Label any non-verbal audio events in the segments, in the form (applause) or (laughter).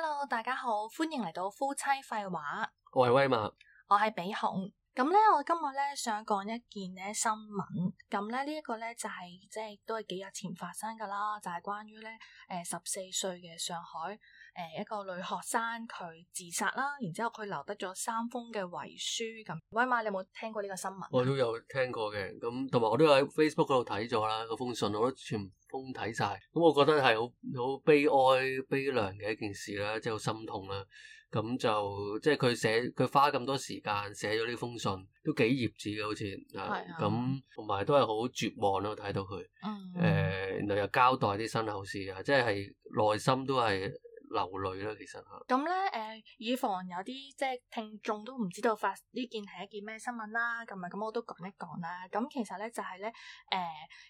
hello，大家好，歡迎嚟到夫妻廢話。我係威馬，我係比熊。咁咧，我今日咧想講一件咧新聞。咁咧呢一個咧就係、是、即係都係幾日前發生噶啦，就係、是、關於咧誒十四歲嘅上海。誒一個女學生佢自殺啦，然之後佢留得咗三封嘅遺書咁。威馬，你有冇聽過呢個新聞？我都有聽過嘅，咁同埋我都喺 Facebook 嗰度睇咗啦。個封信我都全封睇晒。咁我覺得係好好悲哀悲涼嘅一件事啦，即係好心痛啦。咁就即係佢寫，佢花咁多時間寫咗呢封信，都幾頁紙嘅好似，係咁同埋都係好絕望咯。睇到佢，誒、嗯，然後、呃、又交代啲身後事啊，即係內心都係。流淚啦，其實。咁咧、嗯，誒以防有啲即係聽眾都唔知道發呢件係一件咩新聞啦，咁啊，咁我都講一講啦。咁其實咧就係咧，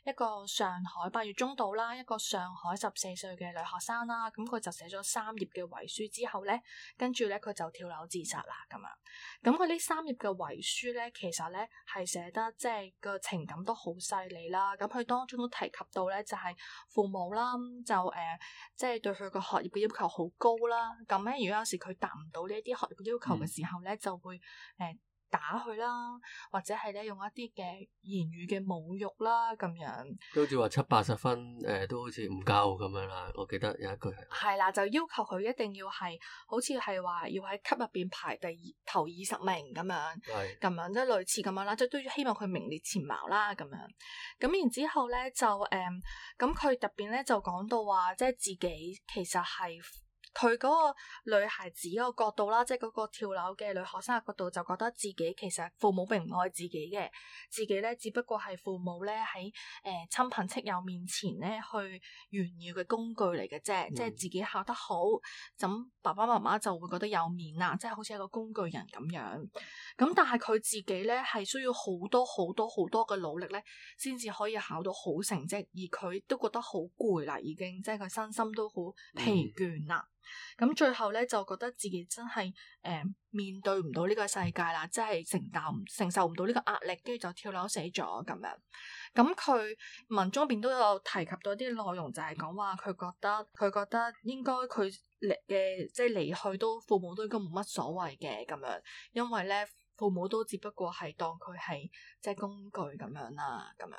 誒一個上海八月中度啦，一個上海十四歲嘅女學生啦，咁佢就寫咗三頁嘅遺書之後咧，跟住咧佢就跳樓自殺啦，咁啊。咁佢呢三頁嘅遺書咧，其實咧係寫得即係個情感都好犀利啦。咁佢當中都提及到咧，就係父母啦，就、呃、誒即係對佢個學業嘅要求。好高啦，咁咧，如果有時佢達唔到呢一啲學業要求嘅時候咧，就會誒。呃打佢啦，或者係咧用一啲嘅言語嘅侮辱啦，咁樣。都好似話七八十分，誒、呃、都好似唔夠咁樣啦。我記得有一句係。係啦，就要求佢一定要係好似係話要喺級入邊排第二、頭二十名咁樣，咁對樣即係類似咁樣啦，即係都希望佢名列前茅啦咁樣。咁然之後咧就誒，咁佢特別咧就講到話，即係自己其實係。佢嗰個女孩子嗰個角度啦，即係嗰個跳樓嘅女學生嘅角度，就覺得自己其實父母並唔愛自己嘅，自己咧只不過係父母咧喺誒親朋戚友面前咧去炫耀嘅工具嚟嘅啫，嗯、即係自己考得好，咁爸爸媽媽就會覺得有面啦，即係好似一個工具人咁樣。咁但係佢自己咧係需要好多好多好多嘅努力咧，先至可以考到好成績，而佢都覺得好攰啦，已經，即係佢身心都好疲倦啦。嗯嗯。咁最後咧就覺得自己真係誒、呃、面對唔到呢個世界啦，即係承擔承受唔到呢個壓力，跟住就跳樓死咗咁樣。咁佢文中邊都有提及到啲內容，就係講話佢覺得佢覺得應該佢嘅即係離去都父母都應該冇乜所謂嘅咁樣，因為咧父母都只不過係當佢係即係工具咁樣啦，咁樣。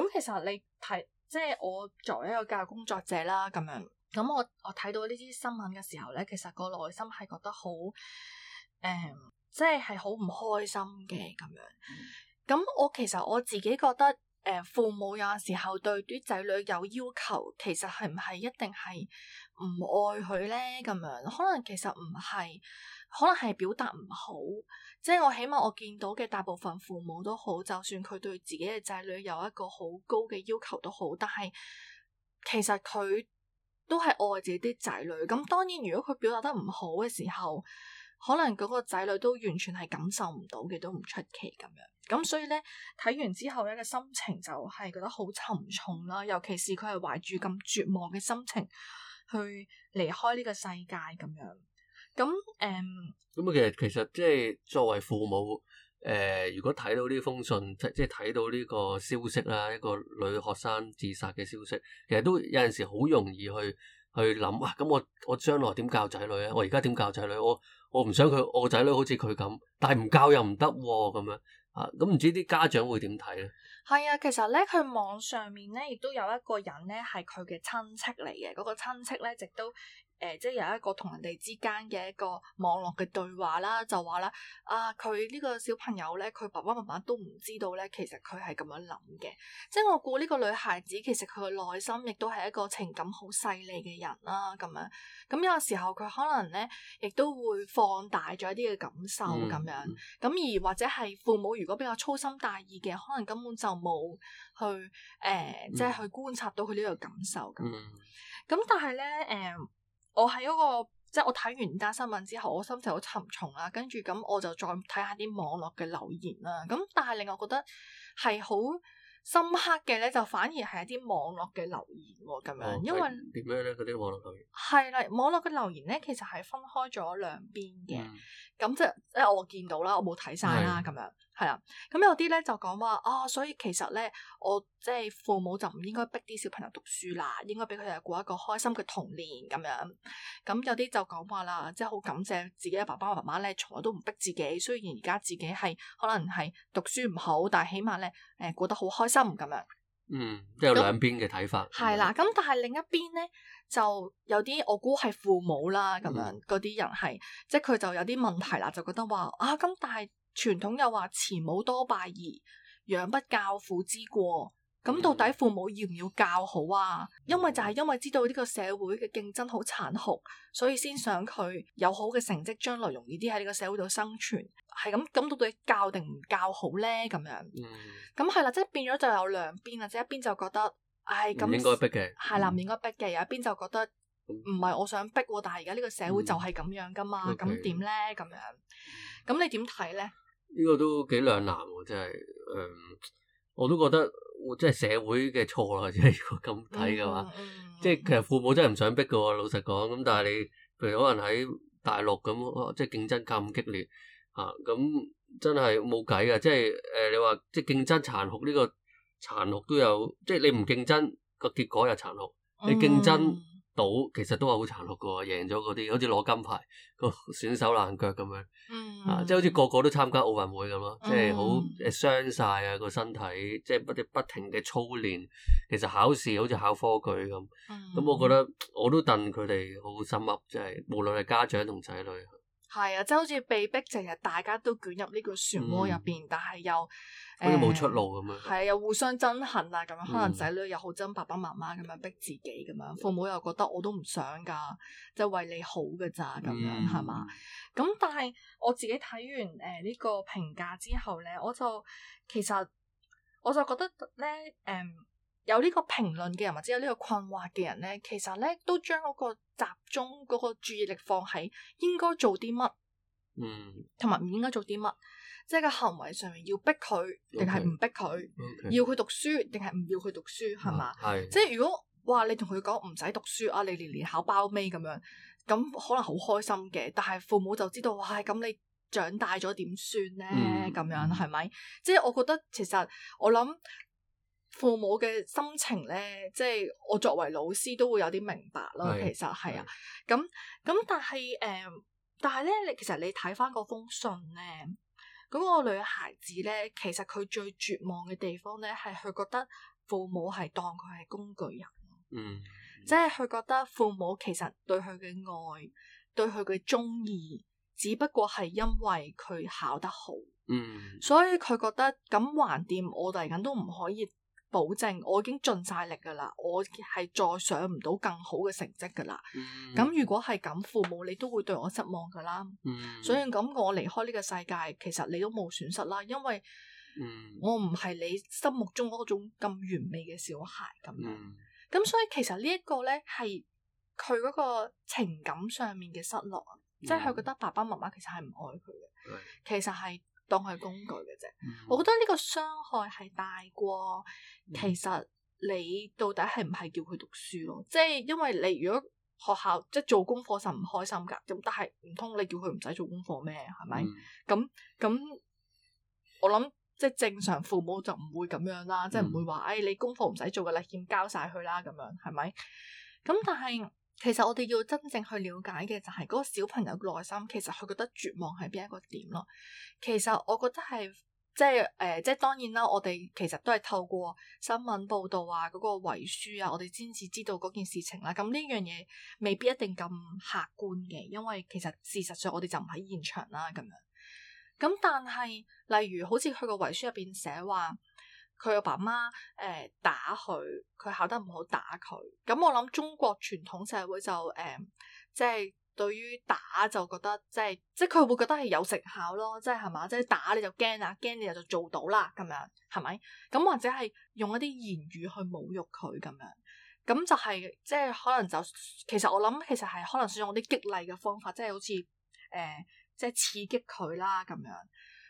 咁其實你睇即係我作為一個教育工作者啦，咁樣。咁我我睇到呢啲新聞嘅時候咧，其實個內心係覺得好，誒、嗯，即係係好唔開心嘅咁樣。咁、嗯、我其實我自己覺得，誒、呃，父母有時候對啲仔女有要求，其實係唔係一定係唔愛佢咧？咁樣可能其實唔係，可能係表達唔好。即係我起碼我見到嘅大部分父母都好，就算佢對自己嘅仔女有一個好高嘅要求都好，但係其實佢。都係愛自己啲仔女，咁當然如果佢表達得唔好嘅時候，可能嗰個仔女都完全係感受唔到嘅，都唔出奇咁樣。咁所以呢，睇完之後呢個心情就係覺得好沉重啦，尤其是佢係懷住咁絕望嘅心情去離開呢個世界咁樣。咁誒，咁、嗯、啊其實其實即係作為父母。誒、呃，如果睇到呢封信，即係睇到呢個消息啦，一個女學生自殺嘅消息，其實都有陣時好容易去去諗啊，咁我我將來點教仔女咧？我而家點教仔女？我我唔想佢，我仔女好似佢咁，但係唔教又唔得喎，咁樣啊？咁、啊、唔、啊、知啲家長會點睇咧？係啊，其實咧，佢網上面咧亦都有一個人咧係佢嘅親戚嚟嘅，嗰、那個親戚咧，直都。誒、呃，即係有一個同人哋之間嘅一個網絡嘅對話啦，就話啦，啊，佢呢個小朋友咧，佢爸爸媽媽都唔知道咧，其實佢係咁樣諗嘅。即係我估呢個女孩子其實佢嘅內心亦都係一個情感好細膩嘅人啦，咁樣。咁有時候佢可能咧，亦都會放大咗一啲嘅感受咁樣。咁而或者係父母如果比較粗心大意嘅，可能根本就冇去誒、呃，即係去觀察到佢呢個感受咁。咁但係咧，誒、呃。我喺、嗰個即係我睇完呢單新聞之後，我心情好沉重啦，跟住咁我就再睇下啲網絡嘅留言啦。咁但係令我覺得係好深刻嘅咧，就反而係一啲網絡嘅留言咁樣，因為點、哦、樣咧？嗰啲網絡留言係啦，網絡嘅留言咧，其實係分開咗兩邊嘅，咁即係我見到啦，我冇睇晒啦咁樣。係啦，咁有啲咧就講話啊，所以其實咧，我即係父母就唔應該逼啲小朋友讀書啦，應該俾佢哋過一個開心嘅童年咁樣。咁有啲就講話啦，即係好感謝自己嘅爸爸媽媽咧，從來都唔逼自己。雖然而家自己係可能係讀書唔好，但係起碼咧，誒過得好開心咁樣。嗯，即係有兩邊嘅睇法。係啦，咁但係另一邊咧就有啲我估係父母啦，咁樣嗰啲人係，即係佢就有啲問題啦，就覺得話啊，咁但係。傳統又話慈母多敗兒，養不教，父之過。咁到底父母要唔要教好啊？因為就係因為知道呢個社會嘅競爭好殘酷，所以先想佢有好嘅成績，將來容易啲喺呢個社會度生存。係咁，咁到底教定唔教好咧？咁樣、嗯，咁係啦，即係變咗就有兩邊啦。即係一邊就覺得，唉，咁係應該逼嘅，係啦，唔應該逼嘅，有、啊、一邊就覺得唔係我想逼，但係而家呢個社會就係咁樣㗎嘛，咁點咧？咁、okay. 樣，咁你點睇咧？呢個都幾兩難喎，真係，嗯，我都覺得，即係社會嘅錯啦，即係如果咁睇嘅話，嗯嗯、即係其實父母真係唔想逼嘅喎，老實講。咁但係你，譬如可能喺大陸咁，即係競爭咁激烈啊，咁、嗯、真係冇計嘅。即係誒、呃，你話即係競爭殘酷呢、呢個殘酷都有，即係你唔競爭個結果又殘酷，你競爭。嗯嗯賭其實都係好殘酷㗎，贏咗嗰啲好似攞金牌個選手爛腳咁樣，嗯、啊，即係好似個個都參加奧運會咁咯，即係好傷晒啊個身體，即係不不停嘅操練。其實考試好似考科舉咁，咁、嗯嗯啊、我覺得我都戥佢哋好心噏，即係無論係家長同仔女，係啊，即係好似被逼成日，大家都捲入呢個漩渦入邊，嗯、但係又。好似冇出路咁樣，嗯，係又互相憎恨啊，咁樣可能仔女又好憎爸爸媽媽咁樣逼自己咁樣，父母又覺得我都唔想㗎，就係，為你好㗎咋咁樣係嘛？咁、嗯、但係我自己睇完誒呢、呃呢個評價之後咧，我就其實我就覺得咧，誒、呃、有呢個評論嘅人或者有呢個困惑嘅人咧，其實咧都將嗰個集中嗰個注意力放喺應該做啲乜，嗯，同埋唔應該做啲乜。即係個行為上面要逼佢，定係唔逼佢？要佢讀書，定係唔要佢讀書？係嘛？即係如果話你同佢講唔使讀書啊，你年年考包尾咁樣，咁可能好開心嘅。但係父母就知道，哇！咁你長大咗點算呢？咁樣係咪？即係我覺得其實我諗父母嘅心情咧，即係我作為老師都會有啲明白囉。其實係啊，咁咁但係誒，但係咧，你其實你睇翻嗰封信咧。咁我女孩子咧，其實佢最絕望嘅地方咧，係佢覺得父母係當佢係工具人，嗯，即係佢覺得父母其實對佢嘅愛、對佢嘅鍾意，只不過係因為佢考得好，嗯，所以佢覺得咁橫掂，我哋嚟緊都唔可以。保證，我已經盡晒力噶啦，我係再上唔到更好嘅成績噶啦。咁、嗯、如果係咁，父母你都會對我失望噶啦。嗯、所以咁我離開呢個世界，其實你都冇損失啦，因為我唔係你心目中嗰種咁完美嘅小孩咁樣。咁、嗯、所以其實呢一個咧，係佢嗰個情感上面嘅失落，即係佢覺得爸爸媽媽其實係唔愛佢嘅。嗯、其實係。當佢係工具嘅啫，mm hmm. 我覺得呢個傷害係大過。其實你到底係唔係叫佢讀書咯？即、就、係、是、因為你如果學校即係、就是、做功課實唔開心噶，咁但係唔通你叫佢唔使做功課咩？係咪？咁咁、mm hmm.，我諗即係正常父母就唔會咁樣啦，即係唔會話誒、mm hmm. 哎、你功課唔使做噶啦，欠交晒佢啦，咁樣係咪？咁但係。其實我哋要真正去了解嘅就係嗰個小朋友內心，其實佢覺得絕望係邊一個點咯。其實我覺得係即係誒，即係、呃、當然啦。我哋其實都係透過新聞報道啊，嗰、那個遺書啊，我哋先至知道嗰件事情啦、啊。咁呢樣嘢未必一定咁客觀嘅，因為其實事實上我哋就唔喺現場啦。咁樣咁，但係例如好似佢個遺書入邊寫話。佢阿爸媽誒打佢，佢考得唔好打佢。咁我諗中國傳統社會就誒、呃，即係對於打就覺得即係，即係佢會覺得係有成效咯。即係係嘛，即係打你就驚啊，驚你就做到啦。咁樣係咪？咁或者係用一啲言語去侮辱佢咁樣。咁就係、是、即係可能就其實我諗其實係可能使用啲激勵嘅方法，即係好似誒、呃、即係刺激佢啦咁樣。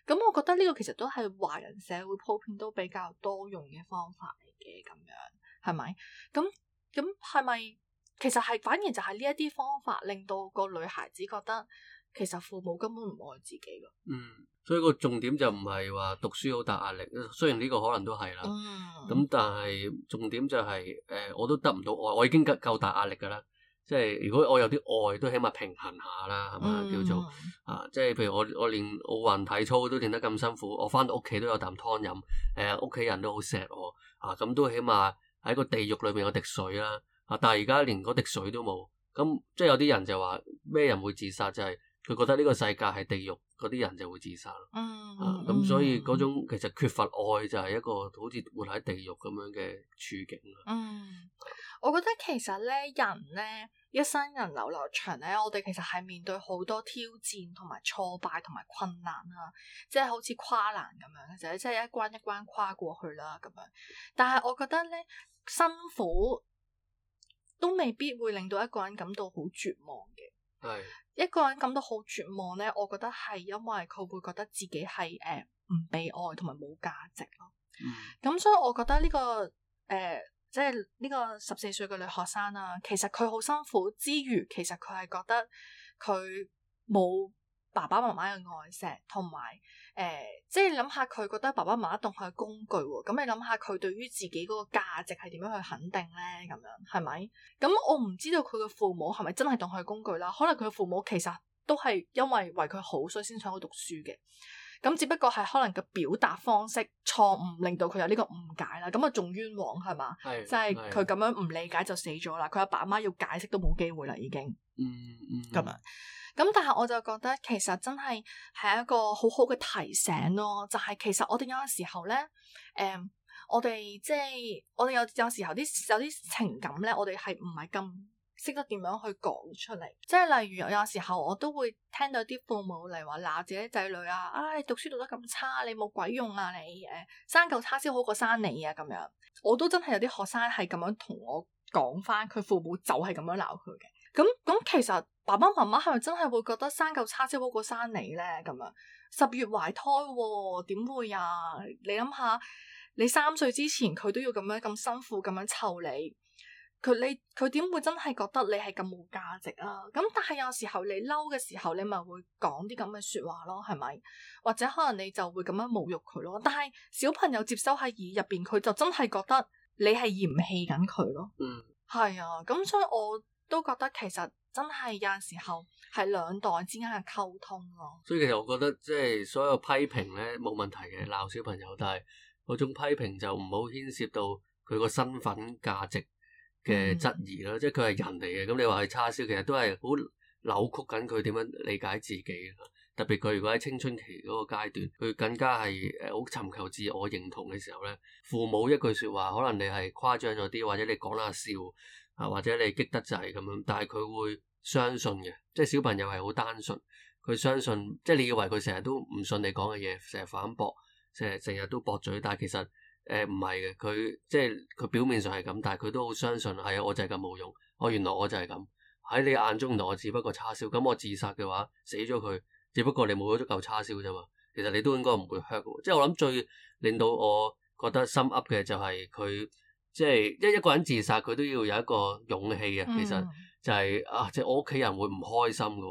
咁我覺得呢個其實都係華人社會普遍都比較多用嘅方法嚟嘅，咁樣係咪？咁咁係咪其實係反而就係呢一啲方法令到個女孩子覺得其實父母根本唔愛自己咯。嗯，所以個重點就唔係話讀書好大壓力，雖然呢個可能都係啦。嗯。咁但係重點就係、是、誒、呃，我都得唔到愛，我已經夠大壓力㗎啦。即係如果我有啲愛，都起碼平衡下啦，係嘛？叫做啊，即係譬如我我連奧運體操都練得咁辛苦，我翻到屋企都有啖湯飲，誒屋企人都好錫我啊，咁、嗯、都起碼喺個地獄裏邊有滴水啦。啊，但係而家連嗰滴水都冇，咁即係有啲人就話咩人會自殺就係、係、佢覺得呢個世界係地獄，嗰啲人就會自殺。嗯。咁、啊、所以嗰種其實缺乏愛就係一個好似活喺地獄咁樣嘅處境。嗯。我覺得其實咧，人咧，一生人流流長咧，我哋其實係面對好多挑戰同埋挫敗同埋困難啊，即係好似跨欄咁樣嘅啫，即係一關一關跨過去啦咁樣。但係我覺得咧，辛苦都未必會令到一個人感到好絕望嘅。係是一個人感到好絕望咧，我覺得係因為佢會覺得自己係誒唔被愛同埋冇價值咯。咁、嗯、所以我覺得呢個誒。呃即係呢個十四歲嘅女學生啦、啊，其實佢好辛苦之餘，其實佢係覺得佢冇爸爸媽媽嘅愛錫，同埋誒，即係諗下佢覺得爸爸媽媽當佢工具，咁你諗下佢對於自己嗰個價值係點樣去肯定咧？咁樣係咪？咁我唔知道佢嘅父母係咪真係當佢工具啦？可能佢嘅父母其實都係因為為佢好，所以先想佢讀書嘅。咁只不過係可能個表達方式錯誤，令到佢有呢個誤解啦。咁啊仲冤枉係嘛？即係佢咁樣唔理解就死咗啦。佢阿爸阿媽要解釋都冇機會啦，已經。嗯嗯，咁、嗯、啊。咁、嗯、但係我就覺得其實真係係一個好好嘅提醒咯。就係、是、其實我哋有陣時候咧，誒，我哋即係我哋有有時候啲、就是、有啲情感咧，我哋係唔係咁。識得點樣去講出嚟，即係例如有有時候我都會聽到啲父母嚟話嗱，自己仔女啊，你、哎、讀書讀得咁差，你冇鬼用啊你，誒，生舊叉燒好過生你啊咁樣，我都真係有啲學生係咁樣同我講翻，佢父母就係咁樣鬧佢嘅，咁咁其實爸爸媽媽係咪真係會覺得生舊叉燒好過生你咧？咁樣十月懷胎，啊，點會啊？你諗下，你三歲之前佢都要咁樣咁辛苦咁樣湊你。佢你佢點會真係覺得你係咁冇價值啊？咁但係有時候你嬲嘅時候，你咪會講啲咁嘅說話咯，係咪？或者可能你就會咁樣侮辱佢咯。但係小朋友接收喺耳入邊，佢就真係覺得你係嫌棄緊佢咯。嗯，係啊。咁所以我都覺得其實真係有時候係兩代之間嘅溝通咯。所以其實我覺得即係所有批評咧冇問題嘅。鬧小朋友，但係嗰種批評就唔好牽涉到佢個身份價值。嘅質疑咯，即係佢係人嚟嘅，咁你話佢叉燒，其實都係好扭曲緊佢點樣理解自己。特別佢如果喺青春期嗰個階段，佢更加係誒好尋求自我認同嘅時候咧，父母一句説話，可能你係誇張咗啲，或者你講下笑啊，或者你激得滯咁樣，但係佢會相信嘅，即係小朋友係好單純，佢相信，即係你以為佢成日都唔信你講嘅嘢，成日反駁，成日成日都駁嘴，但係其實。誒，唔係嘅，佢即係佢表面上係咁，但係佢都好相信係啊、哎，我就係咁冇用，我、哦、原來我就係咁喺你眼中，同我只不過叉燒咁。我自殺嘅話死咗佢，只不過你冇咗嚿叉燒咋嘛？其實你都應該唔會 hurt。即係我諗最令到我覺得心噏嘅就係佢即係一一個人自殺，佢都要有一個勇氣嘅。其實就係啊，即係我屋企人會唔開心噶，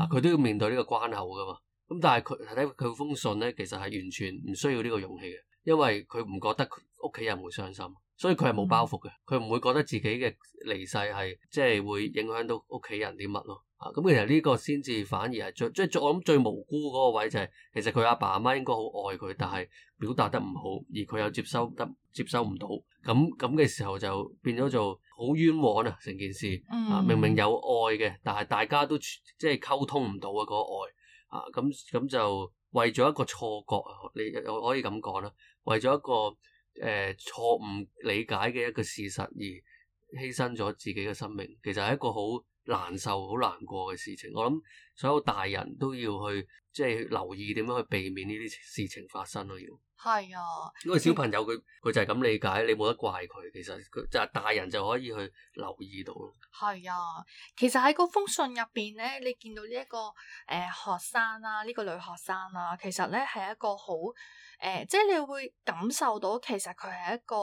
啊，佢、就是啊、都要面對呢個關口噶嘛。咁但係佢睇佢封信咧，其實係完全唔需要呢個勇氣嘅。因為佢唔覺得屋企人會傷心，所以佢係冇包袱嘅，佢唔會覺得自己嘅離世係即係會影響到屋企人啲乜咯。啊，咁其實呢個先至反而係最即係我諗最無辜嗰個位就係、是、其實佢阿爸阿媽應該好愛佢，但係表達得唔好，而佢又接收得接收唔到，咁咁嘅時候就變咗做好冤枉啊！成件事啊，明明有愛嘅，但係大家都即係溝通唔到啊嗰個愛啊，咁咁就。為咗一個錯覺，你我可以咁講啦，為咗一個誒錯誤理解嘅一個事實而犧牲咗自己嘅生命，其實係一個好難受、好難過嘅事情。我諗所有大人都要去即係、就是、留意點樣去避免呢啲事情發生咯，要。係啊，因為小朋友佢佢你就係咁理解，你冇得怪佢。其實佢就係大人就可以去留意到咯。係啊，其實喺嗰封信入邊咧，你見到呢、這、一個誒、呃、學生啦、啊，呢、這個女學生啦、啊，其實咧係一個好誒、呃、即係你會感受到其實佢係一個誒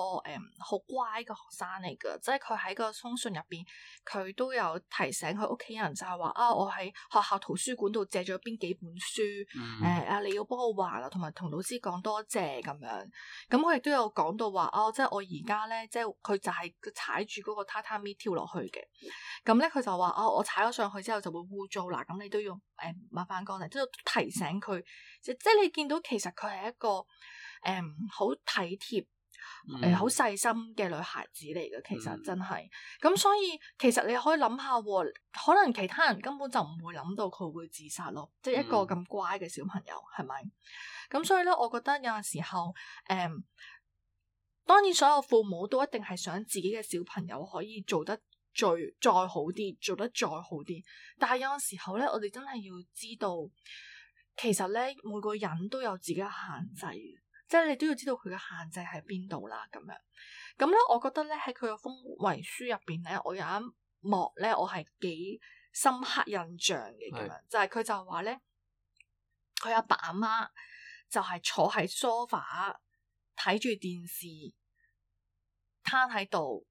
好、呃、乖嘅學生嚟噶。即係佢喺嗰封信入邊，佢都有提醒佢屋企人就係話啊，我喺學校圖書館度借咗邊幾本書誒啊、嗯呃、你要幫我還啦，同埋同老師講多謝，謝。誒，咁樣，咁佢亦都有講到話啊、哦，即係我而家咧，即係佢就係踩住嗰個榻榻 r 跳落去嘅。咁咧佢就話啊、哦，我踩咗上去之後就會污糟啦，咁你都要誒抹翻乾淨，即係提醒佢，即係你見到其實佢係一個誒好、嗯、體貼。誒，好細、嗯、心嘅女孩子嚟嘅，其實、嗯、真係。咁所以其實你可以諗下，可能其他人根本就唔會諗到佢會自殺咯，即、就、係、是、一個咁乖嘅小朋友，係咪、嗯？咁所以咧，我覺得有陣時候，誒、嗯，當然所有父母都一定係想自己嘅小朋友可以做得最再好啲，做得再好啲。但係有陣時候咧，我哋真係要知道，其實咧每個人都有自己嘅限制。即係你都要知道佢嘅限制喺邊度啦，咁樣。咁咧，我覺得咧喺佢嘅封遺書入邊咧，我有一幕咧，我係幾深刻印象嘅。咁樣是就係佢就話咧，佢阿爸阿媽就係坐喺 sofa 睇住電視，攤喺度，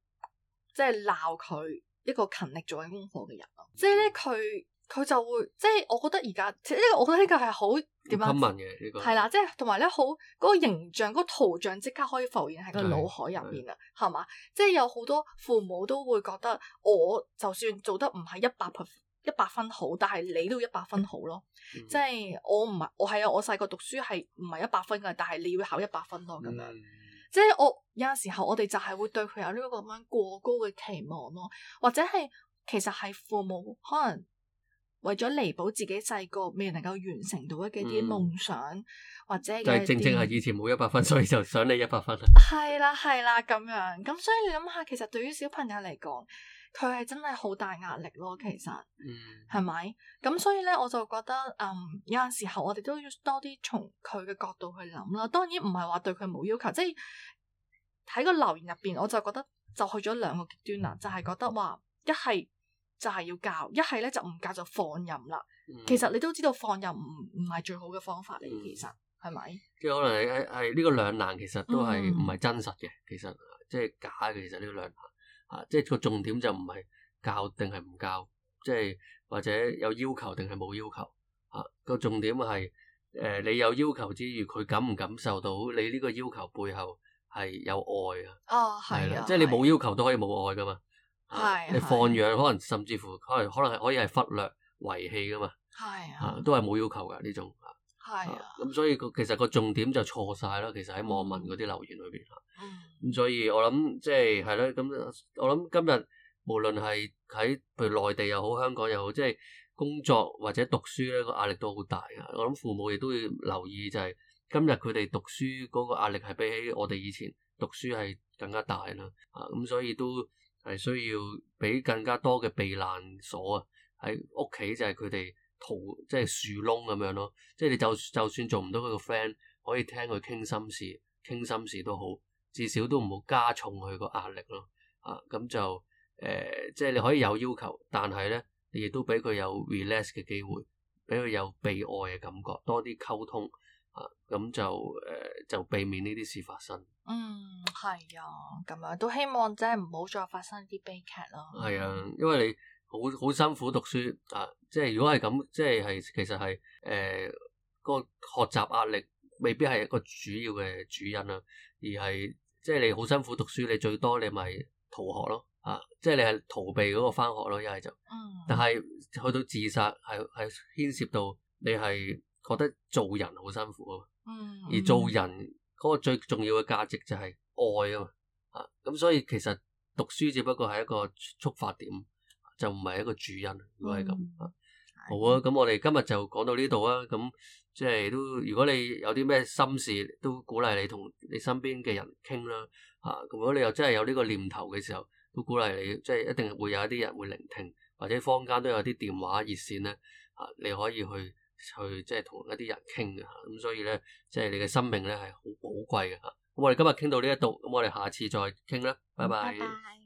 即係鬧佢一個勤力做緊功課嘅人咯。即係咧佢。佢就會即係，我覺得而家呢個，即我覺得呢個係好點樣？係啦呢個，即係同埋咧，好嗰、嗰個形象、嗰、嗰個圖像即刻可以浮現喺個腦海入邊啦，係嘛？即係有好多父母都會覺得，我就算做得唔係一百分一百分好，但係你都要一百分好咯。嗯、即係我唔係我係啊，我細個讀書係唔係一百分㗎，但係你要考一百分多咁樣。嗯嗯、即係我有時候，我哋就係會對佢有呢個咁樣過高嘅期望咯，或者係其實係父母可能。為咗彌補自己細個未能夠完成到一啲啲夢想，嗯、或者正正係以前冇一百分，所以就想你一百分 (laughs) 啊。係啦、啊，係啦，咁樣咁，所以你諗下，其實對於小朋友嚟講，佢係真係好大壓力咯。其實，嗯，係咪？咁所以咧，我就覺得，嗯，有陣時候我哋都要多啲從佢嘅角度去諗啦。當然唔係話對佢冇要求，即係喺個留言入邊，我就覺得就去咗兩個極端啦，嗯、就係覺得話一係。就係要教，一係咧就唔教就放任啦。嗯、其實你都知道放任唔唔係最好嘅方法嚟，嗯、是是其實係咪？即係可能係係呢個兩難，其實都係唔係真實嘅。其實即係假嘅，其實呢個兩難啊，即係個重點就唔係教定係唔教，即、啊、係或者有要求定係冇要求啊。個重點係誒、呃，你有要求之餘，佢感唔感受到你呢個要求背後係有愛啊？哦，係啊，即係你冇要求都可以冇愛㗎嘛。係，你放養可能甚至乎可能可能係可以係忽略遺棄噶嘛，啊、都係冇要求嘅呢種，咁、啊啊、所以個其實個重點就錯晒啦。其實喺網民嗰啲留言裏邊，咁、嗯、所以我諗即係係咯，咁、就是、我諗今日無論係喺譬如內地又好，香港又好，即、就、係、是、工作或者讀書咧個壓力都好大啊。我諗父母亦都要留意，就係今日佢哋讀書嗰個壓力係比起我哋以前讀書係更加大啦。咁、啊、所以都。係需要俾更加多嘅避難所啊！喺屋企就係佢哋塗即係樹窿咁樣咯。即係你就就算做唔到佢個 friend，可以聽佢傾心事、傾心事都好，至少都唔好加重佢個壓力咯。啊，咁就誒、呃，即係你可以有要求，但係咧，你亦都俾佢有 relax 嘅機會，俾佢有被愛嘅感覺，多啲溝通。咁就誒，就避免呢啲事發生。嗯，係啊，咁樣都希望真係唔好再發生啲悲劇咯。係啊，因為你好好辛苦讀書啊，即係如果係咁，即係係其實係誒、呃嗰個學習壓力未必係一個主要嘅主因啊。而係即係你好辛苦讀書，你最多你咪逃學咯啊，即係你係逃避嗰個翻學咯，一係就是、嗯，但係去到自殺係係牽涉到你係。覺得做人好辛苦啊，而做人嗰個最重要嘅價值就係愛啊嘛，嚇，啊，咁，啊，所以其實讀書只不過係一個觸發點，就唔係一個主因。如果係咁嚇，好啊，咁我哋今日就講到呢度啊。咁即係都，如果你有啲咩心事，都鼓勵你同你身邊嘅人傾啦，嚇，啊。如果你又真係有呢個念頭嘅時候，都鼓勵你，即係一定會有一啲人會聆聽，或者坊間都有啲電話熱線咧，嚇，啊，你可以去。去即係同一啲人傾嘅，咁所以咧，即係你嘅生命咧係好寶貴嘅吓。咁我哋今日傾到呢一度，咁我哋下次再傾啦，拜拜。拜拜。